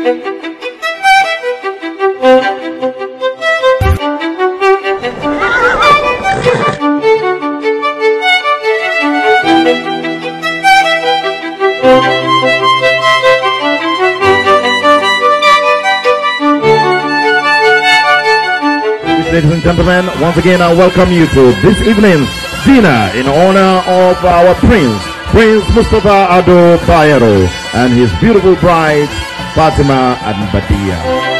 Ladies and gentlemen, once again I welcome you to this evening's dinner in honor of our Prince, Prince Mustafa Ado Bayero and his beautiful bride, Fatima and Batia.